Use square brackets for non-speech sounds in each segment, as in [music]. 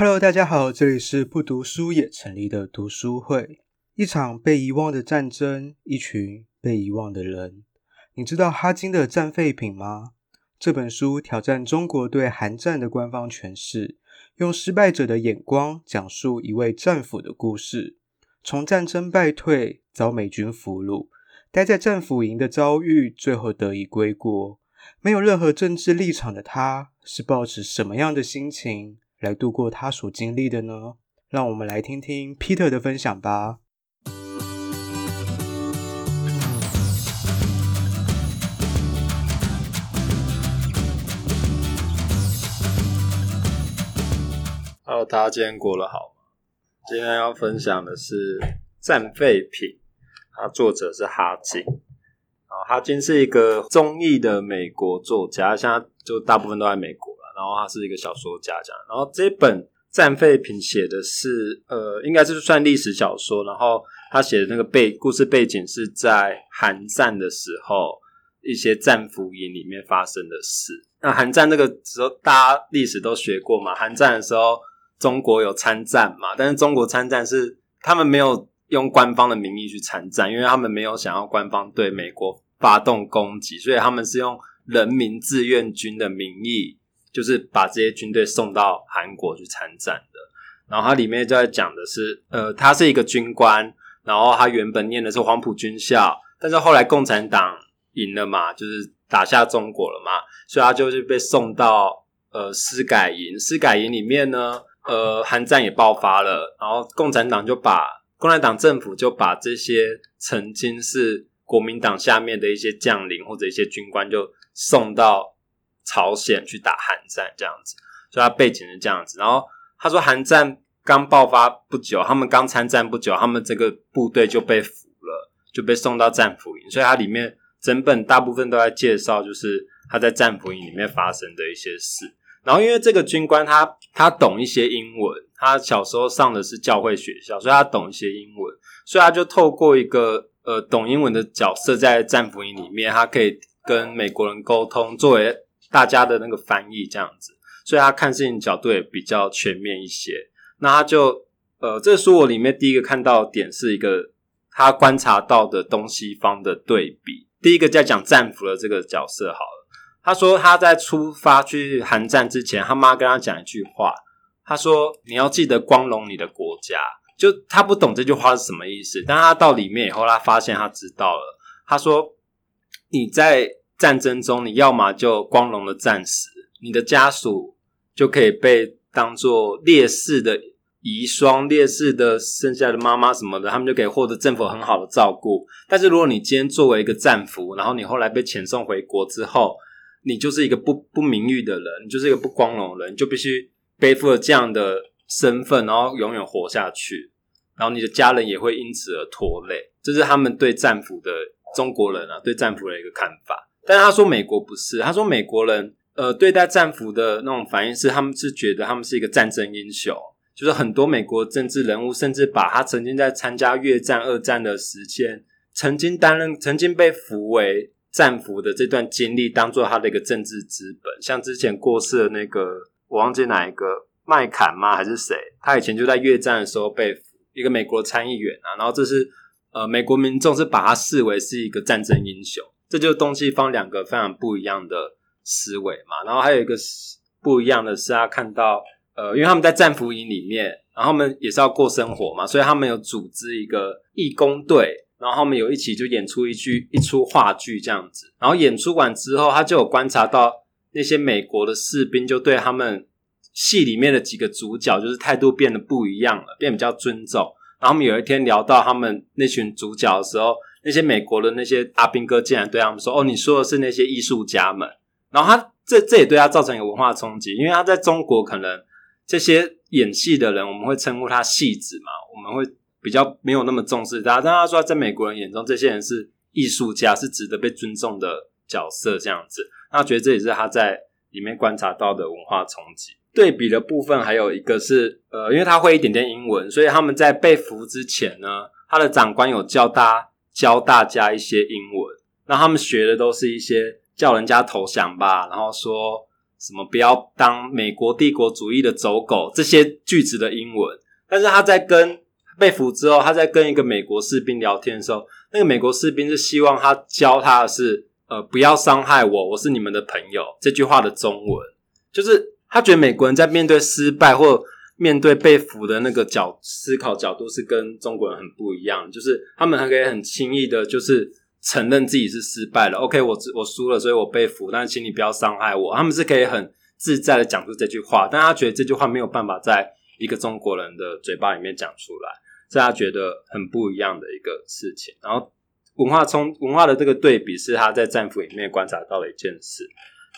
Hello，大家好，這裡是不讀書也成立的讀書會。一場被遺忘的戰爭，一群被遺忘的人。你知道哈金的《戰廢品》嗎？這本書挑戰中國對韓戰的官方詮釋，用失敗者的眼光講述一位戰俘的故事。從戰爭敗退，遭美軍俘虜，待在戰俘營的遭遇，最後得以歸國。沒有任何政治立場的他，是抱持什麼樣的心情？來度過他所經歷的呢？讓我們來聽聽 Peter 的分享吧。Hello，大家今天過得好嗎？今天要分享的是《戰廢品》，它作者是哈金。哈金是一個華裔的美國作家，現在就大部分都在美國。然後他是一個小說家，這樣，然後這本《戰廢品》寫的是，呃，應該是算歷史小說。然後他寫的那個背故事背景是在韓戰的時候，一些戰俘營裡面發生的事。那韓戰那個時候，大家歷史都學過嘛？韓戰的時候，中國有參戰嘛？但是中國參戰是他們沒有用官方的名義去參戰，因為他們沒有想要官方對美國發動攻擊，所以他們是用人民志願軍的名義。就是把這些軍隊送到韓國去參戰的。然後它裡面就在講的是，呃，他是一個軍官，然後他原本念的是黃埔軍校，但是後來共產黨贏了嘛，就是打下中國了嘛，所以他就是被送到呃師改營。師改營裡面呢，呃，韓戰也爆發了，然後共產黨就把共產黨政府就把這些曾經是國民黨下面的一些將領或者一些軍官就送到。朝鮮去打韓戰這樣子，所以他背景是這樣子。然後他說，韓戰剛爆發不久，他們剛參戰不久，他們這個部隊就被俘了，就被送到戰俘營。所以它裡面整本大部分都在介紹，就是他在戰俘營裡面發生的一些事。然後因為這個軍官他他懂一些英文，他小時候上的是教會學校，所以他懂一些英文，所以他就透過一個呃懂英文的角色在戰俘營裡面，他可以跟美國人溝通，作為。大家的那個翻譯這樣子，所以他看事情角度也比較全面一些。那他就呃，這個、書我裡面第一個看到的點是一個他觀察到的東西方的對比。第一個在講戰俘的這個角色好了，他說他在出發去韓戰之前，他媽跟他講一句話，他說你要記得光榮你的國家。就他不懂這句話是什麼意思，但他到裡面以後，他發現他知道了。他說你在。戰爭中，你要麼就光榮的戰死，你的家屬，就可以被當做烈士的遺孀、烈士的剩下的媽媽什麼的，他們就可以獲得政府很好的照顧。但是，如果你今天作為一個戰俘，然後你後來被遣送回國之後，你就是一個不不名譽的人，你就是一個不光榮的人，你就必須背負了這樣的身份，然後永遠活下去，然後你的家人也會因此而拖累。這是他們對戰俘的，中國人啊，對戰俘的一個看法。但他說美國不是，他說美國人，呃，對待戰俘的那種反應是，他們是覺得他們是一個戰爭英雄，就是很多美國政治人物甚至把他曾經在參加越戰、二戰的時間，曾經擔任、曾經被俘為戰俘的這段經歷，當做他的一個政治資本。像之前過世的那個，我忘記哪一個，麥坎嗎？還是誰？他以前就在越戰的時候被俘，一個美國參議員啊。然後這是呃，美國民眾是把他視為是一個戰爭英雄。這就是東西方兩個非常不一樣的思維嘛。然後還有一個不一樣的是，他看到呃，因為他們在戰俘營裡面，然後他們也是要過生活嘛，所以他們有組織一個義工隊，然後他們有一起就演出一出一出話劇這樣子。然後演出完之後，他就有觀察到那些美國的士兵就對他們戲裡面的幾個主角，就是態度變得不一樣了，變得比較尊重。然後我們有一天聊到他們那群主角的時候。那些美國的那些阿兵哥竟然對他們說：“哦，你說的是那些藝術家們。”然後他這這也對他造成一個文化衝擊，因為他在中國可能這些演戲的人，我們會稱呼他戲子嘛，我們會比較沒有那麼重視他。他但他說在美國人眼中，這些人是藝術家，是值得被尊重的角色這樣子。那覺得這也是他在裡面觀察到的文化衝擊。對比的部分還有一個是，呃，因為他會一點點英文，所以他們在被俘之前呢，他的長官有叫他。教大家一些英文，那他們學的都是一些叫人家投降吧，然後說什麼不要當美國帝國主義的走狗這些句子的英文。但是他在跟被俘之後，他在跟一個美國士兵聊天的時候，那個美國士兵是希望他教他的是，呃，不要傷害我，我是你們的朋友這句話的中文。就是他覺得美國人在面對失敗或。面對被俘的那個角思考角度是跟中國人很不一樣，就是他們還可以很輕易的，就是承認自己是失敗了。OK，我我輸了，所以我被俘，但是請你不要傷害我。他們是可以很自在的講出這句話，但他覺得這句話沒有辦法在一個中國人的嘴巴裡面講出來，是他覺得很不一樣的一個事情。然後文化衝文化的這個對比是他在戰俘營裡面觀察到的一件事。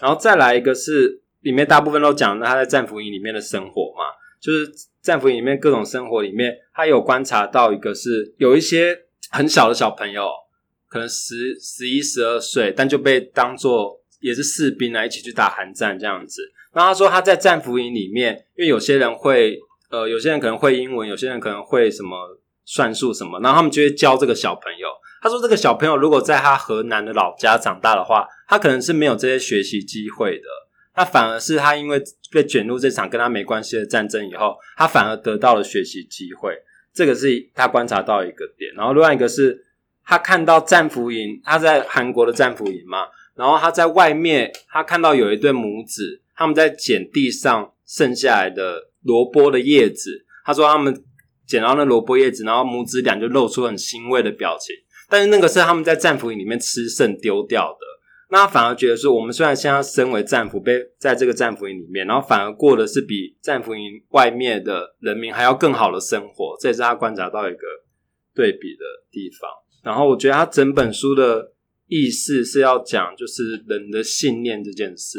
然後再來一個是裡面大部分都講了他在戰俘營裡面的生活嘛。就是戰俘營裡面各種生活裡面，他有觀察到一個是有一些很小的小朋友，可能十十一十二歲，但就被當作也是士兵啊，一起去打韓戰這樣子。然後他說他在戰俘營裡面，因為有些人會呃，有些人可能會英文，有些人可能會什麼算術什麼，然後他們就會教這個小朋友。他說這個小朋友如果在他河南的老家長大的話，他可能是沒有這些學習機會的。他反而是他因為被捲入這場跟他沒關係的戰爭以後，他反而得到了學習機會，這個是他觀察到一個點。然後另外一個是他看到戰俘營，他在韓國的戰俘營嘛，然後他在外面，他看到有一對母子，他們在撿地上剩下來的蘿蔔的葉子。他說他們撿到那蘿蔔葉子，然後母子倆就露出很欣慰的表情。但是那個是他們在戰俘營裡面吃剩丟掉的。那他反而覺得說，我們雖然現在身為戰俘，被在這個戰俘營裡面，然後反而過的是比戰俘營外面的人民還要更好的生活，這也是他觀察到一個對比的地方。然後我覺得他整本書的意思是要講，就是人的信念這件事。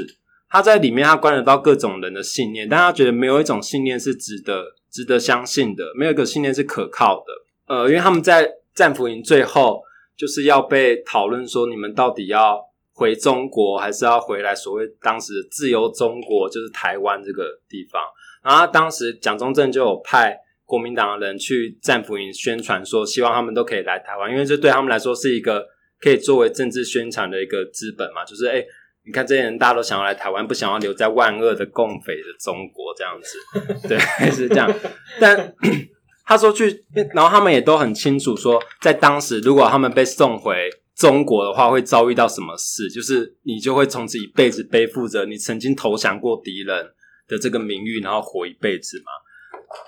他在裡面他觀察到各種人的信念，但他覺得沒有一種信念是值得值得相信的，沒有一個信念是可靠的。呃，因為他們在戰俘營最後就是要被討論說，你們到底要。回中國還是要回來？所謂當時自由中國就是台灣這個地方。然後當時蔣中正就有派國民黨的人去戰俘營宣傳，說希望他們都可以來台灣，因為這對他們來說是一個可以作為政治宣傳的一個資本嘛。就是哎、欸，你看這些人，大家都想要來台灣，不想要留在萬惡的共匪的中國這樣子， [laughs] 對，是這樣。但他說去，然後他們也都很清楚說，在當時如果他們被送回。中國的話會遭遇到什麼事？就是你就會從此一輩子背負着你曾經投降過敵人的這個名譽，然後活一輩子嘛。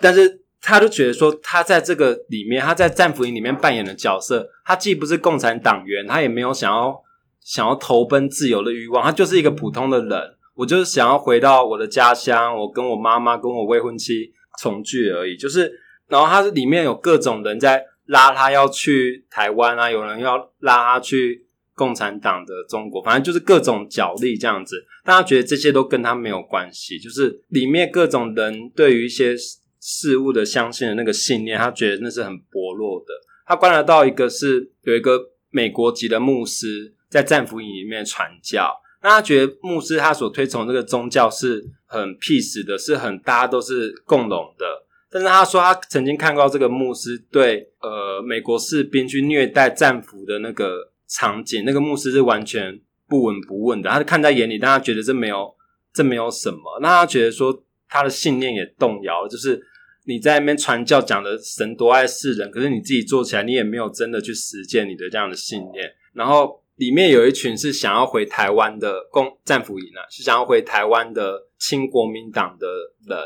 但是他就覺得說，他在這個裡面，他在戰俘營裡面扮演的角色，他既不是共產黨員，他也沒有想要想要投奔自由的欲望，他就是一個普通的人。我就是想要回到我的家鄉，我跟我媽媽跟我未婚妻重聚而已。就是，然後他裡面有各種人在。拉他要去台灣啊，有人要拉他去共產黨的中國，反正就是各種角力這樣子。但他覺得這些都跟他沒有關係，就是裡面各種人對於一些事物的相信的那個信念，他覺得那是很薄弱的。他觀察到一個是有一個美國籍的牧師在戰俘營裡面傳教，那他覺得牧師他所推崇的這個宗教是很 peace 的，是很大家都是共榮的。但是他說，他曾經看過這個牧師對呃美國士兵去虐待戰俘的那個場景，那個牧師是完全不聞不問的，他就看在眼裡，但他覺得這沒有這沒有什麼，那他覺得說他的信念也動搖。就是你在那邊傳教講的神多愛世人，可是你自己做起來，你也沒有真的去實踐你的這樣的信念。然後裡面有一群是想要回台灣的共戰俘營啊，是想要回台灣的親國民黨的人。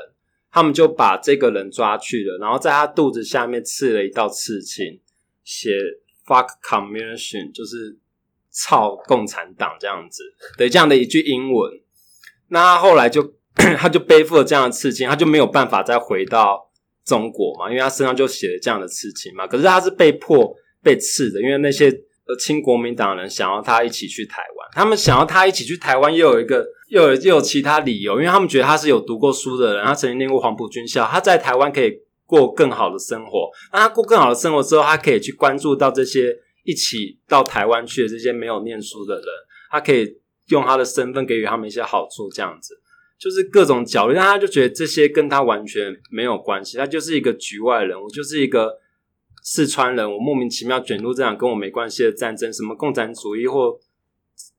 他們就把這個人抓去了，然後在他肚子下面刺了一道刺青，寫 “fuck communism”，就是操共產黨這樣子，對，這樣的一句英文。那後來就他就背負了這樣的刺青，他就沒有辦法再回到中國嘛，因為他身上就寫了這樣的刺青嘛。可是他是被迫被刺的，因為那些呃親國民黨的人想要他一起去台灣。他們想要他一起去台灣，又有一個，又有又有，有其他理由，因為他們覺得他是有讀過書的人，他曾經念過黃埔軍校，他在台灣可以過更好的生活。那他過更好的生活之後，他可以去關注到這些一起到台灣去的這些沒有念書的人，他可以用他的身份給予他們一些好處。這樣子就是各種角度，但他就覺得這些跟他完全沒有關係，他就是一個局外人，我就是一個四川人，我莫名其妙捲入這場跟我沒關係的戰爭，什麼共產主義或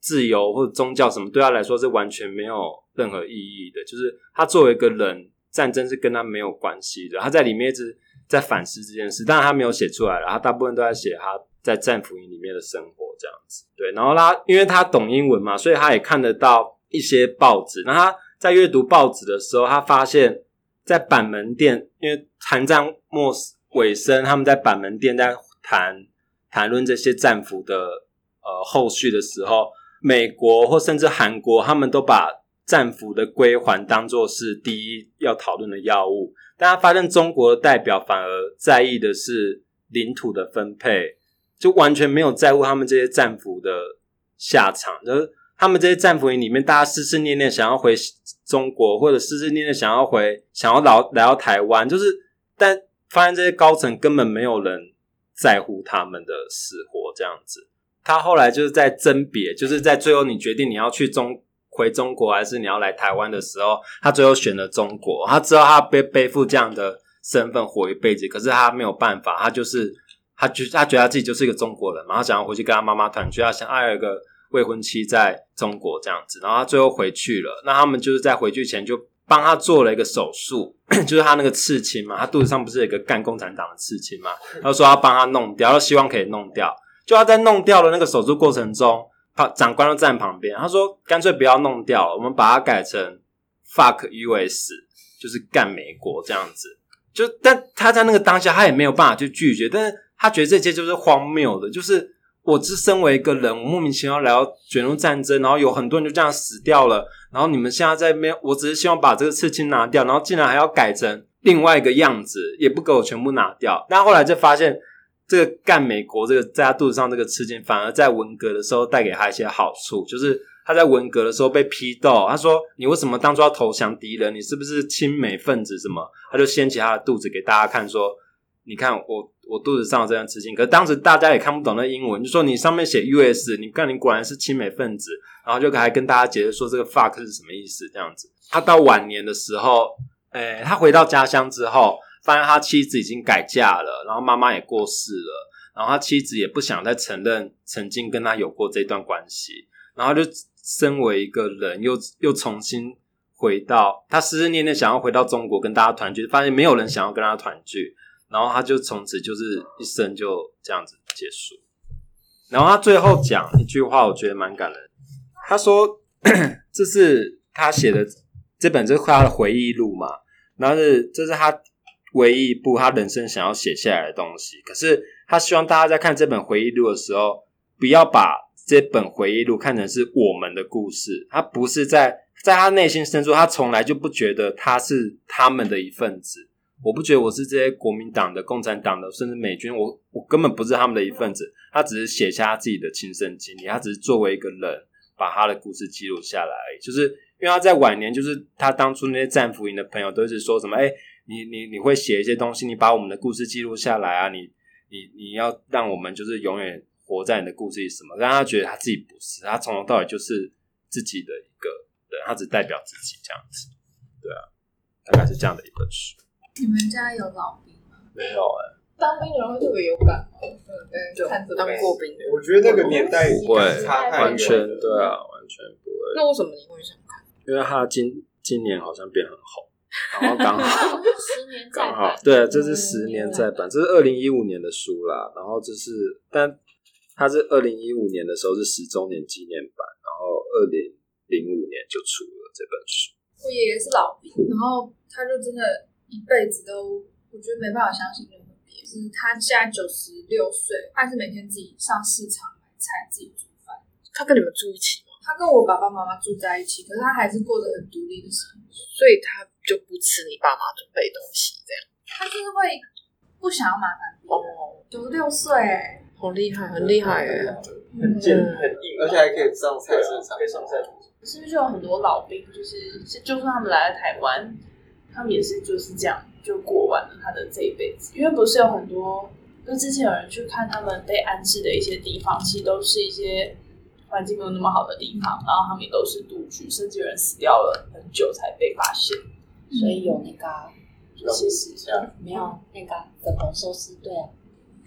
自由或者宗教什麼，對他來說是完全沒有任何意義的。就是他作為一個人，戰爭是跟他沒有關係的。他在裡面一直在反思這件事，但是他沒有寫出來了。他大部分都在寫他在戰俘營裡面的生活這樣子。對，然後他因為他懂英文嘛，所以他也看得到一些報紙。那他在閱讀報紙的時候，他發現，在板門店，因為韓戰末尾聲，他們在板門店在談談論這些戰俘的。呃，後續的時候，美國或甚至韓國，他們都把戰俘的歸還當作是第一要討論的要務。大家發現，中國的代表反而在意的是領土的分配，就完全沒有在乎他們這些戰俘的下場。就是他們這些戰俘營裡面，大家思思念念想要回中國，或者思思念念想要回想要來來到台灣，就是但發現這些高層根本沒有人在乎他們的死活，這樣子。他後來就是在甄別，就是在最後你決定你要去中，回中國還是你要來台灣的時候，他最後選了中國。他知道他背背負這樣的身份活一輩子，可是他沒有辦法，他就是他覺他覺得他自己就是一個中國人嘛。他想要回去跟他媽媽團聚，他想要，啊，有一個未婚妻在中國這樣子。然後他最後回去了。那他們就是在回去前就幫他做了一個手術，就是他那個刺青嘛，他肚子上不是有一個幹共產黨的刺青嘛？他說要幫他弄掉，希望可以弄掉。就要在弄掉的那個手術過程中，長官都站旁邊。他說：“乾脆不要弄掉了，我們把它改成 fuck US，就是幹美國這樣子。”就，但他在那個當下，他也沒有辦法去拒絕。但是他覺得這些就是荒謬的，就是我只身為一個人，我莫名其妙來到卷入戰爭，然後有很多人就這樣死掉了。然後你們現在在沒有，我只是希望把這個刺青拿掉，然後竟然還要改成另外一個樣子，也不給我全部拿掉。但後來就發現。這個幹美國這個在他肚子上這個刺青，反而在文革的時候帶給他一些好處，就是他在文革的時候被批鬥，他說你為什麼當初要投降敵人？你是不是親美分子？什麼？他就掀起他的肚子給大家看說，說你看我我肚子上有這樣刺青。可是當時大家也看不懂那英文，就是、說你上面寫 U.S.，你看你果然是親美分子。然後就還跟大家解釋說這個 fuck 是什麼意思，這樣子。他到晚年的時候，哎，他回到家鄉之後。發現他妻子已經改嫁了，然後媽媽也過世了，然後他妻子也不想再承認曾經跟他有過這段關係，然後就身為一個人，又又重新回到他，思思念念想要回到中國跟大家團聚，發現沒有人想要跟他團聚，然後他就從此就是一生就這樣子結束。然後他最後講一句話，我覺得蠻感人。他說：“ [coughs] 這是他寫的這本就是他的回憶錄嘛，然後、就是這、就是他。”唯一一部他人生想要寫下來的東西。可是他希望大家在看這本回憶錄的時候，不要把這本回憶錄看成是我們的故事。他不是在在他內心深處，他從來就不覺得他是他們的一份子。我不覺得我是這些國民黨的、共產黨的，甚至美軍，我我根本不是他們的一份子。他只是寫下他自己的親身經歷，他只是作為一個人把他的故事記錄下來而已。就是因為他在晚年，就是他當初那些戰俘營的朋友，都是說什麼哎。欸你你你會寫一些東西，你把我們的故事記錄下來啊！你你你要讓我們就是永遠活在你的故事裡什麼，讓他覺得他自己不是，他從頭到尾就是自己的一個人，他只代表自己這樣子，對啊，大概是這樣的一本書。你們家有老兵嗎？沒有哎、欸，當兵的人會特別有感，嗯就嗯就，當過兵的人，我覺得那個年代不會，完全對啊，會完全不會。那為什麼你會想看？因為他今今年好像變很紅。 [laughs] 然後剛好， [laughs] 十年剛好對，這是十年再版，對這是二零一五年的書啦。然後這是，但他是二零一五年的時候是十周年紀念版，然後二零零五年就出了這本書。我爺爺是老兵，然後他就真的一輩子都，我覺得沒辦法相信那種。就是他現在九十六歲，還是每天自己上市場買菜，來自己煮飯。他跟你們住一起嗎？他跟我爸爸媽媽住在一起，可是他還是過得很獨立的生活。所以他就不吃你爸媽準備東西，這樣。他就是會不想要麻煩。哦，九十六歲，好厲害，很厲害、嗯、很健很硬，而且還可以上菜市場，啊，嗯、可以上菜市場，啊。是不是就有很多老兵，就是就算他們來了台灣，他們也是就是這樣就過完了他的這一輩子？因為不是有很多，就之前有人去看他們被安置的一些地方，其實都是一些。環境沒有那麼好的地方，然後他們也都是獨居，甚至有人死掉了很久才被發現。所以有那個，事實上沒有那個粉紅壽司。對啊。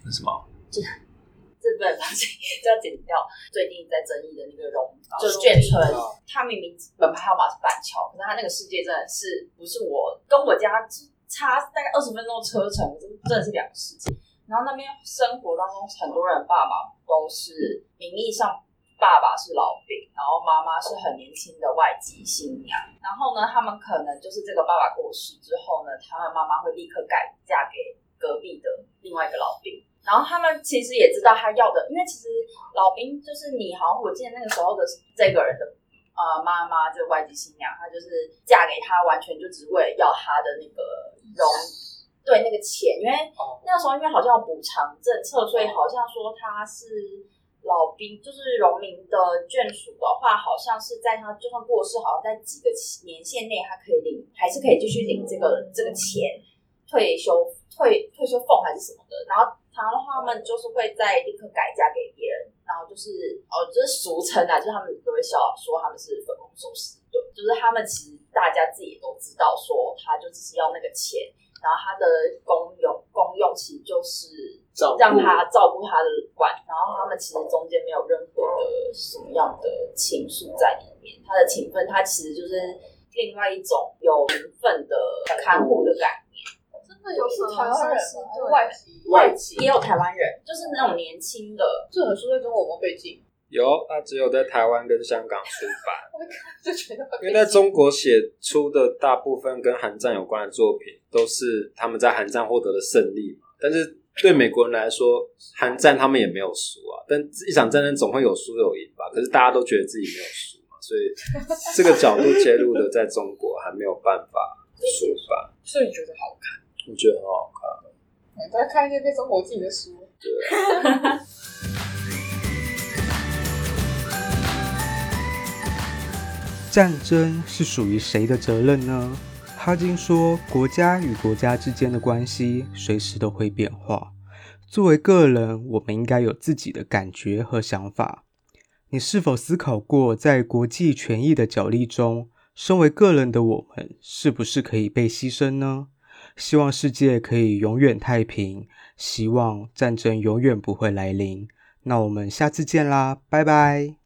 那什麼？這這本東西就要剪掉。最近在爭議的那個龍就是眷村，他明明門牌號碼是板橋，可是他那個世界真的是，不是我跟我家只差大概二十分鐘車程，真的是兩個世界。然後那邊生活當中很多人爸爸都是名義上。爸爸是老兵，然後媽媽是很年輕的外籍新娘。然後呢，他們可能就是這個爸爸過世之後呢，他們媽媽會立刻改嫁給隔壁的另外一個老兵。然後他們其實也知道他要的，因為其實老兵就是你好像我記得那個時候的這個人的呃媽媽就外籍新娘，她就是嫁給他完全就只為了要他的那個榮想對那個錢，因為那時候因為好像有補償政策，所以好像說他是。老兵就是榮民的眷屬的話，好像是在他就算過世，好像在幾個年限內，他可以領，還是可以繼續領這個這個錢，退休退退休俸還是什麼的。然後,然後他的話，他們就是會在立刻改嫁給別人，然後就是哦，就是俗稱啊，就是他們都會笑說他們是粉紅壽司對，就是他們其實大家自己都知道，說他就只是要那個錢，然後他的公用公用其實就是。讓他照顧他的管，然後他們其實中間沒有任何的什麼樣的情緒在裡面，他的情分。他其實就是另外一種有名分的看護的概念。真的有台灣人，外籍對也有台灣人，對就是那種年輕的。這本書在中國被禁。有，他只有在台灣跟香港出版。 [laughs] 因為在中國寫出的大部分跟韓戰有關的作品，都是他們在韓戰獲得的勝利嘛，但是，對美國人來說，韓戰他們也沒有輸啊，但一場戰爭總會有輸有贏吧。可是大家都覺得自己沒有輸嘛，啊，所以這個角度揭露的，在中國還沒有辦法說吧。所以你覺得好看？我覺得很好看。大家看一下在中國自己的書。對 [laughs] 戰爭是屬於誰的責任呢？哈金說：“國家與國家之間的關係隨時都會變化。作為個人，我們應該有自己的感覺和想法。你是否思考過，在國際權益的角力中，身為個人的我們是不是可以被犧牲呢？希望世界可以永遠太平，希望戰爭永遠不會來臨。那我們下次見啦，拜拜。”